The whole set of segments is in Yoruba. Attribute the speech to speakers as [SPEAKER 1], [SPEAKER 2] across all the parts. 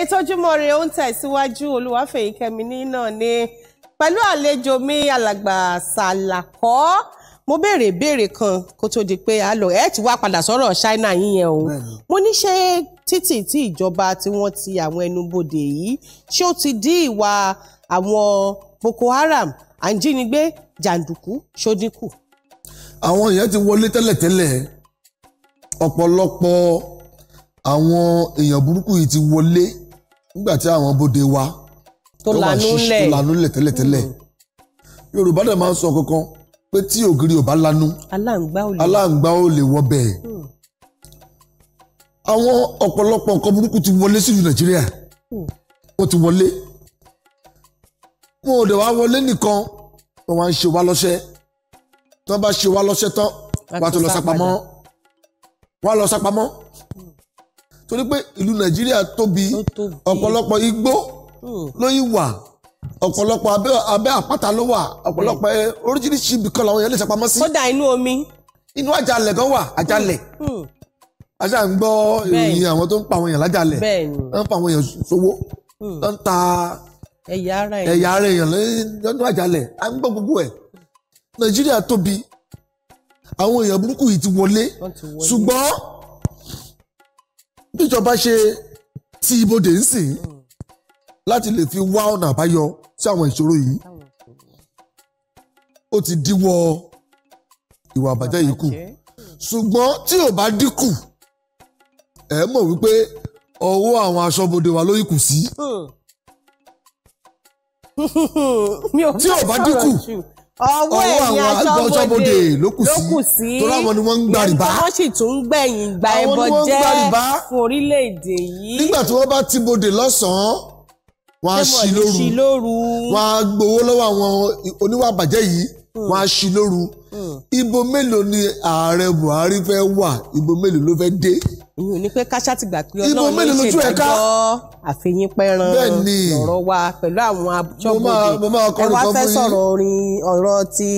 [SPEAKER 1] ètò Ojúmọ́ Ire ó ń tẹ̀síwájú Olúwafẹ́yìkẹ́mi náà ni pẹ̀lú àlejò mi alàgbà Sàlàkọ́ mo béèrè ìbéèrè kan kó tó di pé a lọ ẹ ti wá padà sọ̀rọ̀ China yín yẹn o mo ní ṣé títì tí ìjọba tí wọ́n ti àwọn ẹnubodè yìí ṣé ó ti dí ìwà àwọn Boko Haram àǹjínigbé jàǹdùkú ṣódínkù.
[SPEAKER 2] àwọn èèyàn ti wọlé tẹ́lẹ̀tẹ́lẹ̀ ọ̀pọ̀lọpọ̀ àwọn èèyàn burúkú yìí ti wọlé. Tẹ́lẹ̀, tẹ́lẹ̀ nígbà tí àwọn bóde wa
[SPEAKER 1] tó lanú lẹ̀
[SPEAKER 2] tẹ́lẹ̀tẹ́lẹ̀ mm. Yorùbá dẹ̀ máa ń sọ kankan pé tí ògiri ò bá lanú aláǹgbá ò lè wọ bẹ́ẹ̀ mm. àwọn ọ̀pọ̀lọpọ̀ nǹkan burúkú ti wọlé sí ìlú Nàìjíríà mm. wọ́n ti wọlé wọn ò dẹ̀ wá wọlé nìkan wọ́n wá ń ṣe wá lọ́ṣẹ́ tán bá ṣe wá lọ́ṣẹ́ tán wọ́n á tún lọ sápamọ́ wọ́n á lọ sápamọ́ torí pé ìlú nàìjíríà tóbi ọ̀pọ̀lọpọ̀ igbó hmm. ló yí wà ọ̀pọ̀lọpọ̀ abẹ́ àpáta ló wà ọ̀pọ̀lọpọ̀ hmm. oríṣiríṣi ibìkan làwọn èèyàn lè ṣàpamọ́ sí. kódà inú omi. inú àjàlẹ̀ gan wà àjàlẹ̀ hmm. ajá ń gbọ́ ìròyìn àwọn tó ń pa àwọn èèyàn lájàlẹ̀ wọ́n ń pa àwọn èèyàn sówó
[SPEAKER 1] wọ́n ń ta ẹ̀yà ara
[SPEAKER 2] èèyàn lọ́dún àjàlẹ̀ à ń gbọ́ gbogbo ẹ̀ nàìjíríà tóbi àwọn èèyàn burúkú yìí ti wọlé ṣùgbọ́n bíjọba ṣe ti ibodè ń sìn láti lè fi wá ọ̀nà àbáyọ sí àwọn ìṣòro yìí ó ti díwọ́ ìwà àbàjẹ́ yìí kù ṣùgbọ́n tí ò bá dínkù ẹ mọ̀ wípé ọwọ́ àwọn aṣọ́bodè wa ló yìí sí. tí ò bá dínkù
[SPEAKER 1] ọwọ́ ẹ̀yìn aṣọ́bodè ló kù sí torí àwọn ni wọ́n ń gbàrìbá wọ́n sì tún ń gbẹ̀yìn gba ẹbọ jẹ́ fún orílẹ̀-èdè yìí. nígbà tí wọ́n bá ti bodè
[SPEAKER 2] lọ́sàn-án wọ́n á ṣí lóru wọ́n á gbowó lọ́wọ́ àwọn oníwà bàjẹ́ yìí hmm. wọ́n á ṣí lóru hmm. ibo mélòó ni ààrẹ Buhari fẹ́
[SPEAKER 1] wà ibo mélòó ló fẹ́ dé ìyẹn ò ní pé káṣá ti gbà pé ọlọ́run ló ṣe àfihàn pẹ́ran lọ́rọ̀ wa pẹ̀lú àwọn abúlé ẹ wá fẹ́ sọ̀rọ̀ orin ọ̀rọ̀ ti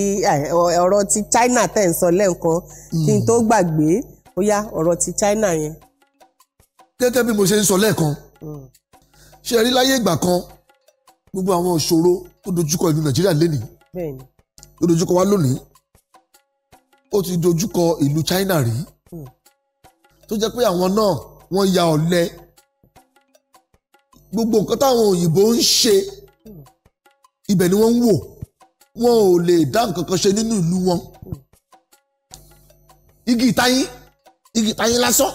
[SPEAKER 1] ọ̀rọ̀ ti China tẹ̀ ń sọ lẹ́ǹkan kí n hmm. tó gbàgbé ó yá ọ̀rọ̀ ti China yẹn. gẹ́gẹ́ bí mo ṣe ń sọ lẹ́ẹ̀kan hmm.
[SPEAKER 2] ṣe rí láyé ìgbà kan gbogbo àwọn ìṣòro tó dojúkọ ìlú Nàìjíríà lénìí tó dojúkọ wa lónìí ó ti dojúkọ ìlú China rí. Mm tó jẹ́ pé àwọn náà wọ́n ya ọ̀lẹ gbogbo nǹkan táwọn òyìnbó ń ṣe ibẹ̀ ni wọ́n ń wò wọn ò lè dá nǹkan kan ṣe nínú ìlú wọn igi ìtayín igi ìtayín lásán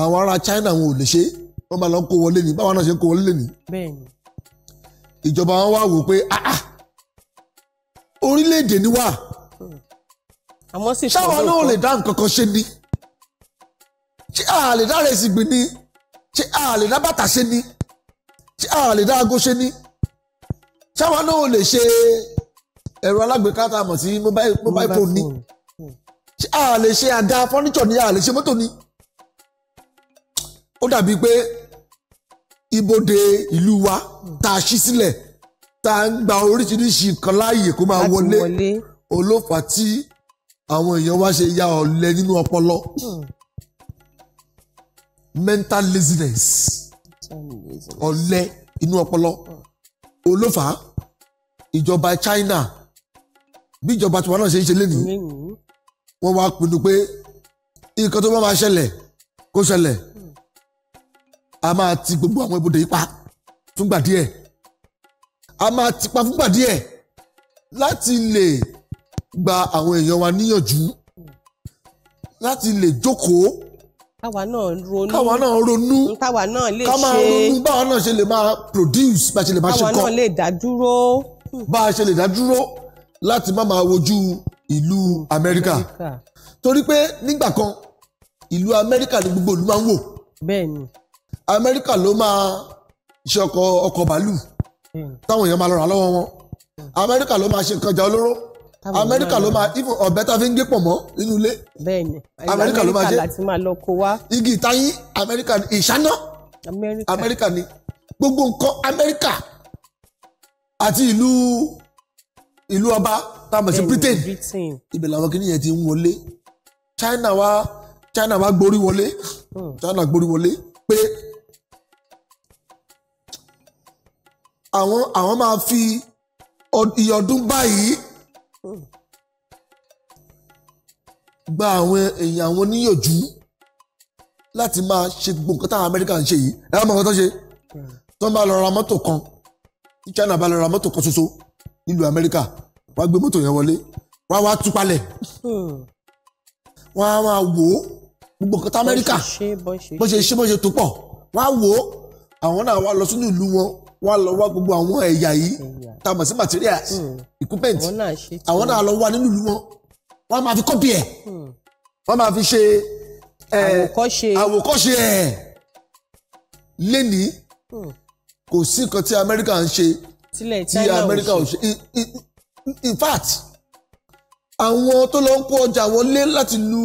[SPEAKER 2] àwọn ará China wọn ò lè ṣe wọn máa lọ kó wọlé ní báwọn náà ṣe ń kó wọlé ní. ìjọba wọn wá wò pé ah ah orílẹ̀-èdè ni wà. àwọn sì fọwọ́ kọ́ ṣáwọn náà ò lè dá nǹkan kan ṣe ni ṣé a lè dára èsì gbìn ni ṣé a lè dá bàtà ṣe ni ṣé a lè dá aago ṣe ni ṣáwa náà ò lè ṣe ẹ̀rọ alágbèéká tá a mọ̀ sí mobile phone ni ṣé a lè ṣe àga fọ́níṣọ̀ ni a lè ṣe mọ́tò ni ó dàbí pé ibodè ìlú wa tá a ṣí sílẹ̀ tá a ń gba oríṣiríṣi nǹkan láàyè kó máa wọlé olófà tí àwọn èèyàn wa ṣe ya ọ̀lẹ nínú ọpọlọ. Hmm mental laziness ọ̀lẹ inú ọpọlọ olófà ìjọba China bí ìjọba tiwa náà ṣe ń ṣe lénìí wọ́n wá pinnu pé nǹkan tó bá máa ṣẹlẹ̀ kó ṣẹlẹ̀ a máa ti gbogbo àwọn ibodè yìí pa fúngbà díẹ̀ a máa ti pa fúngbà díẹ̀ láti lè gba àwọn èèyàn wa níyànjú láti lè jókòó
[SPEAKER 1] káwa náà ronú káwa náà ronú káwa náà lè ṣe káwa náà ronú
[SPEAKER 2] báwa náà ṣe lè máa produce bá a ṣe lè máa ṣe kọ́ káwa náà lè dá dúró bá a ṣe lè dá dúró láti má máa wojú ìlú Amẹ́ríkà torí pé nígbà kan ìlú Amẹ́ríkà ni gbogbo ìlú máa ń wò Amẹ́ríkà ló máa ṣe ọkọ̀ ọkọ̀ bàálù táwọn èèyàn máa lọ lọ́wọ́ wọn Amẹ́ríkà ló máa ṣe nǹkan jà olóró amẹ́ríkà ló máa ifo ọ̀bẹ tá a fi ń gé pọ̀ mọ́ nínú ilé bẹ́ẹ̀ni amẹ́ríkà ló máa ṣe igi ìtayín amẹ́ríkà ni ìṣáná amẹ́ríkà ni gbogbo nǹkan amẹ́ríkà àti ìlú ìlú ọba tá a mọ̀ sí britain ibẹ̀ làwọn kìnìyàn ti ń wọlé china wa china wa gborí wọlé hmm. china gborí wọlé pé àwọn àwọn máa fi iye ọdún báyìí. Hmm. gba àwọn èèyàn àwọn oníyànjú láti máa ṣe gbogbo nǹkan táwọn Amẹ́ríkà ń ṣe yìí ẹ máa nǹkan tó ṣe tó ń bá lọ ra mọ́tò kan tí China bá lọ ra mọ́tò kan ṣoṣo nílùú Amẹ́ríkà wọ́n á gbé mọ́tò yẹn wọlé wọ́n wá tú palẹ̀ hmm. wọ́n á wò ó gbogbo nǹkan táwọn Amẹ́ríkà bó ṣe ṣe bó ṣe tó pọ̀ wọ́n wò ó àwọn náà wá lọ sínú ìlú wọn wọ́n á lọ wá gbogbo àwọn ẹ̀yà yìí tá a mọ̀ sí materials hmm. equipment àwọn náà lọ wá nínú ìlú wọn wọ́n máa fi kọ́pì ẹ̀ hmm. wọ́n máa fi ṣe àwòkọ́ṣe ẹ̀ lẹ́nìí hmm. kò sí nǹkan tí Amẹ́ríkà ń ṣe
[SPEAKER 1] tí Amẹ́ríkà ò ṣe
[SPEAKER 2] in fact àwọn tó lọ ń kó ọjà wọlé láti lu.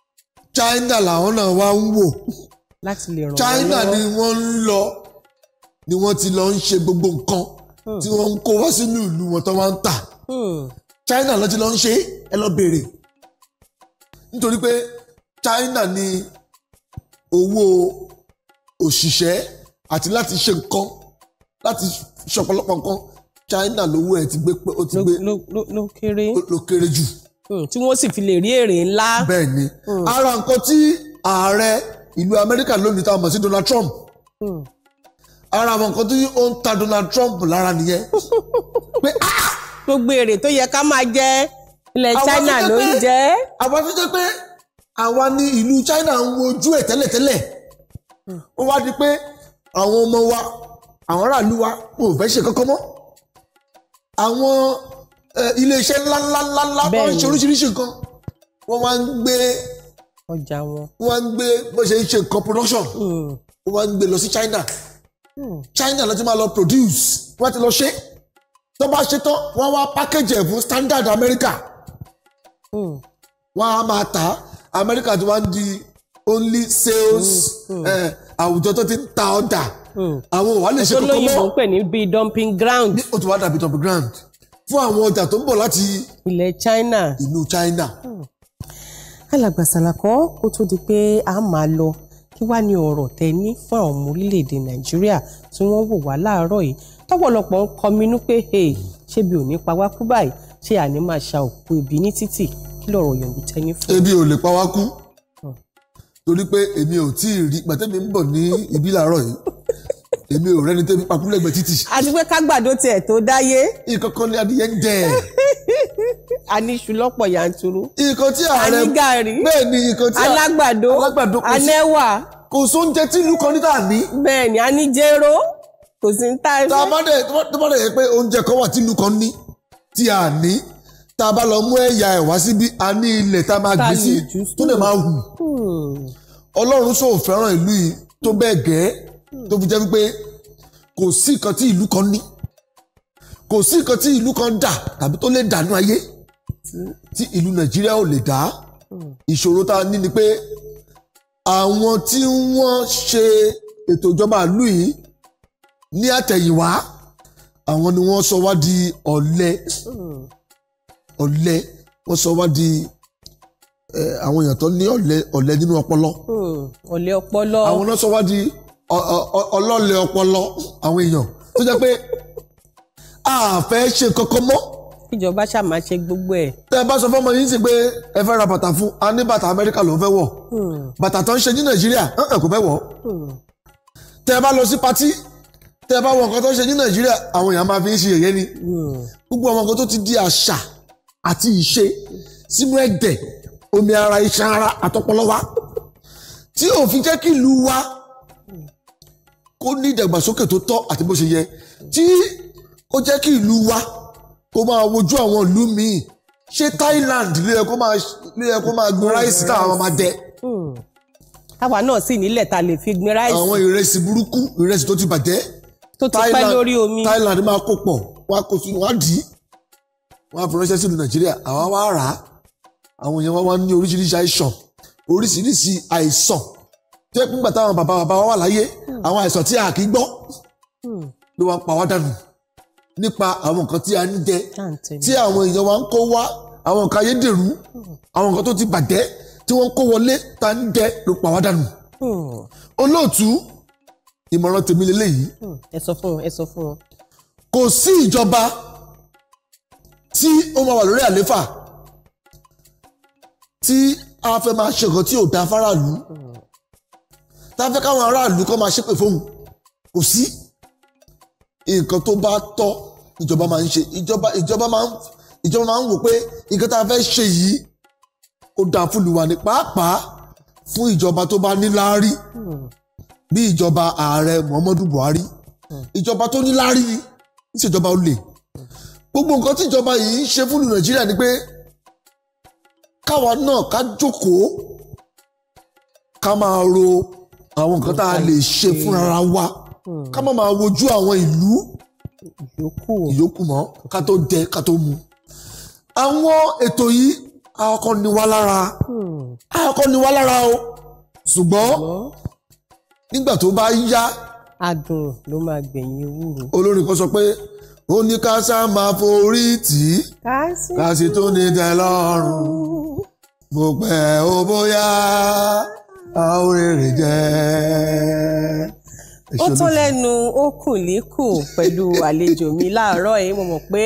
[SPEAKER 2] China làwọn náà wá ń wò China ni wọ́n ń lọ ni wọ́n ti lọ ń ṣe gbogbo nǹkan hmm. tí wọ́n ń kó wá sínú ìlú wọn tó wá ń tà hmm. China ló ti lọ ń ṣe ẹ lọ bèrè nítorí pé China ni owó òṣìṣẹ́ àti láti ṣe nǹkan láti ṣọ̀pọ̀lọpọ̀ nǹkan China lówó ẹ̀ ti gbé pé ó ti gbé ló kéré jù. Hmm, tí wọ́n sì fi lè rí èrè ńlá. bẹ́ẹ̀ ni hmm. ara nǹkan tí ààrẹ ìlú amẹ́ríkà lónìí tá a mọ̀ sí Donald Trump hmm. ara àwọn nǹkan tó ó ń
[SPEAKER 1] ta Donald Trump
[SPEAKER 2] lára nìyẹn pé ah!
[SPEAKER 1] gbogbo èrè tó yẹ ká máa jẹ ilẹ̀ China ló ń jẹ. àwa tó jẹ́ pé àwa ni ìlú China ń
[SPEAKER 2] wojú ẹ̀ tẹ́lẹ̀tẹ́lẹ̀ ó wá di pé àwọn ọmọ wa àwọn aráàlú wa kò fẹ́ ṣe kankan mọ́ àwọn iléeṣẹ́ ńláńláńlá tó ń ṣe oríṣiríṣi nǹkan wọ́n wá ń gbé ọjà wọn wọ́n ń gbé bó ṣe ń ṣe nǹkan production hmm. wọ́n wá ń gbé lọ sí China hmm. China ló ti máa lọ produce wọ́n ti lọ ṣe tó bá ṣe tán wọ́n wá package ẹ̀ fún standard America hmm. wọ́n á máa tà America ti wá ń di only sales àwùjọ tó ti ń ta ọjà
[SPEAKER 1] àwọn ò wá lè ṣe kókó mọ́ ètò olóyìnbó ń pè ní bíi dumping ground. ó ti wá dàbí dumping ground fún àwọn ọjà tó ń bọ̀ láti. ilẹ̀ China. ìlú China. Hmm. alàgbà Sàlàkọ́ kó tó di pé a máa lọ kí wàá ní ọ̀rọ̀ tẹ ní fún àwọn ọmọ orílẹ̀-èdè Nàìjíríà tí wọ́n wò wá láàárọ̀ yìí tọ́pọ̀lọpọ̀ ń kọminú pé ṣé bí ò ní pa wá kú báyìí ṣé àní máa ṣa òkú ebi ní títì kí lọ̀rọ̀ yọ̀ǹdù tẹ́yìn fún. ebi ò lè pa wá kú hmm. torí
[SPEAKER 2] pé èmi ò tí ì rí pàtẹ́mi ń bọ̀ ní ibi làárọ̀ yìí èmi ò rẹ́ni tẹ́mi pa kúlẹ̀ gbẹ
[SPEAKER 1] títì. àti pé kágbàdo tiẹ̀ tó dáyé. ìkọ̀kọ̀ ni adìyẹ ń jẹ. a ní iṣu lọ́pọ̀ yanturu. ìkọ̀ tí ààrẹ a ní gàrí. bẹ́ẹ̀ ni ìkọ̀ tí alágbàdo alágbàdo kò sí anẹ́wà. kò sóúnjẹ tí ìlú kan ní tà ní. bẹ́ẹ̀ ni a ní jéró kò sí ń tá
[SPEAKER 2] ẹ fẹ́. tá yẹ pé oúnjẹ kan wà tí ìlú kan ní tí a ní tá lọ mú ẹ̀yà ẹ̀ wá síbí a ní ilẹ̀ tá a máa gbé sí tó dẹ̀ máa hù. Hmm. ọlọ́run sóò fẹ́ràn ìlú yìí tó bẹ́ẹ̀ gẹ́ẹ́ tó fi jẹ́ wípé kò sí nǹkan tí ìlú kan ní kò sí nǹkan tí ìlú kan dà tàbí tó lè dànù ayé tí ìlú nàìjíríà ò lè dá ìṣòro tá a ní ni pé àwọn tí wọ́n ṣe ètò ìjọba ìlú yìí ní àtẹ̀yìnwá àwọn ni wọ́n sọ wá di ọ̀lẹ ọ̀lẹ wọ́n sọ wá di àwọn èèyàn tó ní ọ̀lẹ nínú ọpọlọ. Hmm. ọ̀lẹ ọpọlọ. àwọn náà sọ wá di ọlọ́lẹ̀ ọpọlọ àwọn èèyàn tó jẹ́ pé àfẹ́ ṣe kankan mọ́.
[SPEAKER 1] ìjọba ṣàmà ṣe gbogbo ẹ̀.
[SPEAKER 2] tẹ ẹ bá sọ fọmọ yìí sí pé ẹ fẹ́ ra bàtà fún a ní bàtà amẹ́ríkà ló ń fẹ́ wọ̀ hmm. bàtà tó ń ṣe ní nàìjíríà ẹ̀ kò fẹ́ wọ̀ hmm. tẹ ẹ bá lọ sí patí tẹ ẹ bá wọ nǹkan tó ń ṣe ní nàìjíríà àwọn èèyàn máa fi ń ṣe yẹ̀yẹ́ ni hmm. gbogbo àwọn nǹkan tó ti di àṣà àti ìṣe sínú ẹ̀dẹ̀ omi ara iṣan ara àtọpọlọ tí òfin jẹ́ kí ìlú wa kó ní ìdàgbàsókè tó tọ́ àti bó ṣe yẹ tí ó jẹ́ kí ìlú wa kó máa wojú àwọn ìlú míì
[SPEAKER 1] ṣé Thailand ló yẹ kó máa ló yẹ kó máa gbin hmm. ráìsì tá àwọn máa dẹ. Hmm. táwa náà sì nílẹ̀ ta lè fi gbin ráìsì. àwọn
[SPEAKER 2] ìrẹsì burúkú ìrẹsì tó ti bàjẹ́.
[SPEAKER 1] tó ti pẹ́ lórí omi. Thailand
[SPEAKER 2] máa kó pọ̀ wá kó sínú wá dì í wọ́n á fi ránṣẹ́ sílùú Nàìjíríà àwa wá rà á àwọn èèyàn wa wá ní oríṣiríṣi àìsàn oríṣiríṣi àìsàn tẹ́ pín gbàtà bàbá bàbá wa wà láyé hmm. àwọn àìsàn tí a kì í gbọ́ hmm. ló wá ń pa wá dànù nípa àwọn nǹkan tí a ń jẹ tí àwọn èèyàn wa ń kó wá àwọn nǹkan ayédèrú hmm. àwọn nǹkan tó ti bàjẹ́ tí wọ́n ń kó wọlé tá ń jẹ ló pa wá dànù. olóòtú ìmọ̀ràn tèmi lélẹ́yìí.
[SPEAKER 1] ẹ sọ fún ẹ sọ
[SPEAKER 2] fún ọ. kò sí ìjọba tí ó máa wà lórí àléfà tí a fẹ́ máa ṣe nǹkan tí ò da fáráàlú. Mm táfẹ́ káwọn aráàlú kọ́ máa ṣépè fóun kò sí nǹkan tó bá tọ́ ìjọba máa ń ṣe ìjọba ìjọba máa ń ìjọba máa ń wò pé nǹkan tá a fẹ́ ṣe yìí ó dáa fún ìlú wa ní pàápàá fún ìjọba tó bá níláárí hmm. bí ìjọba ààrẹ Muhammadu Buhari hmm. ìjọba tó níláárí ní ìṣèjọba olè gbogbo nǹkan tí ìjọba yìí ń ṣe fún ìlú Nàìjíríà ni pé káwa náà ká jókòó ká máa ro àwọn nǹkan tá a lè ṣe fúnra wa hmm. ká má máa wojú àwọn ìlú ìyókù mọ́ ká tó jẹ ká tó mu. àwọn ètò yìí akọkọ ni wá lára hmm. akọkọ ni wá lára o ṣùgbọ́n nígbà tó bá yá. adùn ló máa gbẹ̀yìn ewúro. olórin kan sọ pé ó ní ká sá máa forí tì
[SPEAKER 1] í ká sì tún ní
[SPEAKER 2] tẹ́ lọ́rùn mo pẹ́ ó bóyá
[SPEAKER 1] àórèrè jẹ́. ó tó lẹ́nu ó kù líkù pẹ̀lú àlejò mi láàárọ̀ yìí mo mọ̀ pé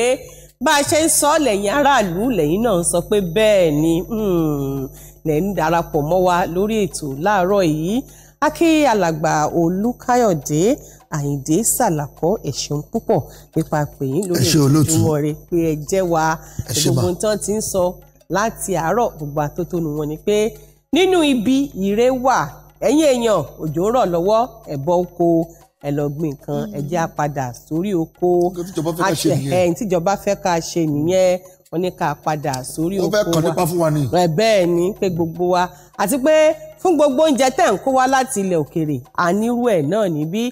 [SPEAKER 1] bá a ṣe ń sọ lẹ́yìn aráàlú lẹ́yìn náà ń sọ pé bẹ́ẹ̀ ni hmm, lẹ́yìn darapọ̀ mọ́ wa lórí ètò láàárọ̀ yìí akí alàgbà olùkáyọ̀dé àyìndé sàlàkọ́ ẹ ṣeun púpọ̀ nípa pèyìn lórí ìtumọ̀ rẹ pé ẹ jẹ́ wa gbogbo nǹkan tí ń sọ láti àárọ̀ gbogbo àtótónu wọn ni pé nínú ibi ire wà ẹ̀yin èèyàn òjò ń rọ̀ lọ́wọ́ ẹ̀bọ oko ẹ kan ẹ jẹ́ sórí oko àṣẹ tíjọba fẹ́ ká ṣe nìyẹn wọ́n ní ká padà sórí oko wa ó fẹ́ kàn nípa fún wa ni. bẹ́ẹ̀ ni pé gbogbo wa àti pé fún gbogbo oúnjẹ tẹ̀ ń kó wá láti ilẹ̀ òkèrè ànírú ẹ̀ náà níbí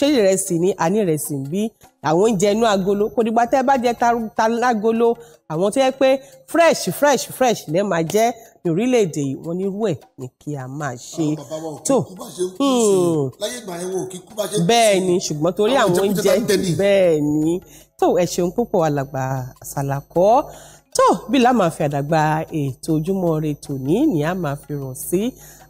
[SPEAKER 1] ṣé ìrẹsì ni àní ìrẹsì ń bí àwọn oúnjẹ inú agolo kò dìgbà tẹ́ bá jẹ ta lágolo àwọn tó yẹ pé fresh fresh fresh lẹ́ máa jẹ ní orílẹ̀-èdè yìí wọ́n ní irú ẹ̀ ní kí a máa ṣe tó hmm. bẹ́ẹ̀ ni ṣùgbọ́n torí àwọn oúnjẹ bẹ́ẹ̀ ni tó ẹ ṣeun púpọ̀ alàgbà Sàlàkọ́ tó bí la máa fi àdàgbà ètò ojúmọ́ ire tòní ni a máa fi ràn sí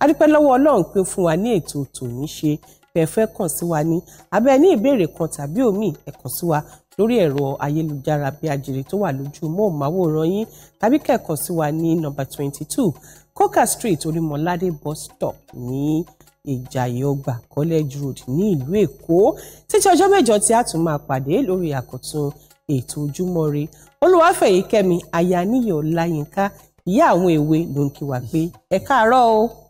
[SPEAKER 1] adúpẹ́ lọ́wọ́ Ọlọ́run pé fún wa ní ètò tòní ṣe bẹ́ẹ̀ fẹ́ kàn sí wa ní abẹ́ ní ìbéèrè kan tàbí òmíì ẹ sí wa lórí ẹ̀rọ ayélujára bí ajere tó wà lójú móhùnmáwòrán yín tàbí kẹ́ sí wa ní nọ́mbà twenty two coca street onímọ̀ládé bus stop ní ìjàyè college road ní ìlú èkó títí ọjọ́ mẹ́jọ tí a tún máa pàdé lórí àkọ́tún ètò ojúmọ́ re olúwàfẹ̀yìkẹ́mi ayaníyọ̀ ọláyínká ìyá àwọn èwe ló ń kí wa pé ẹ káàárọ̀ o.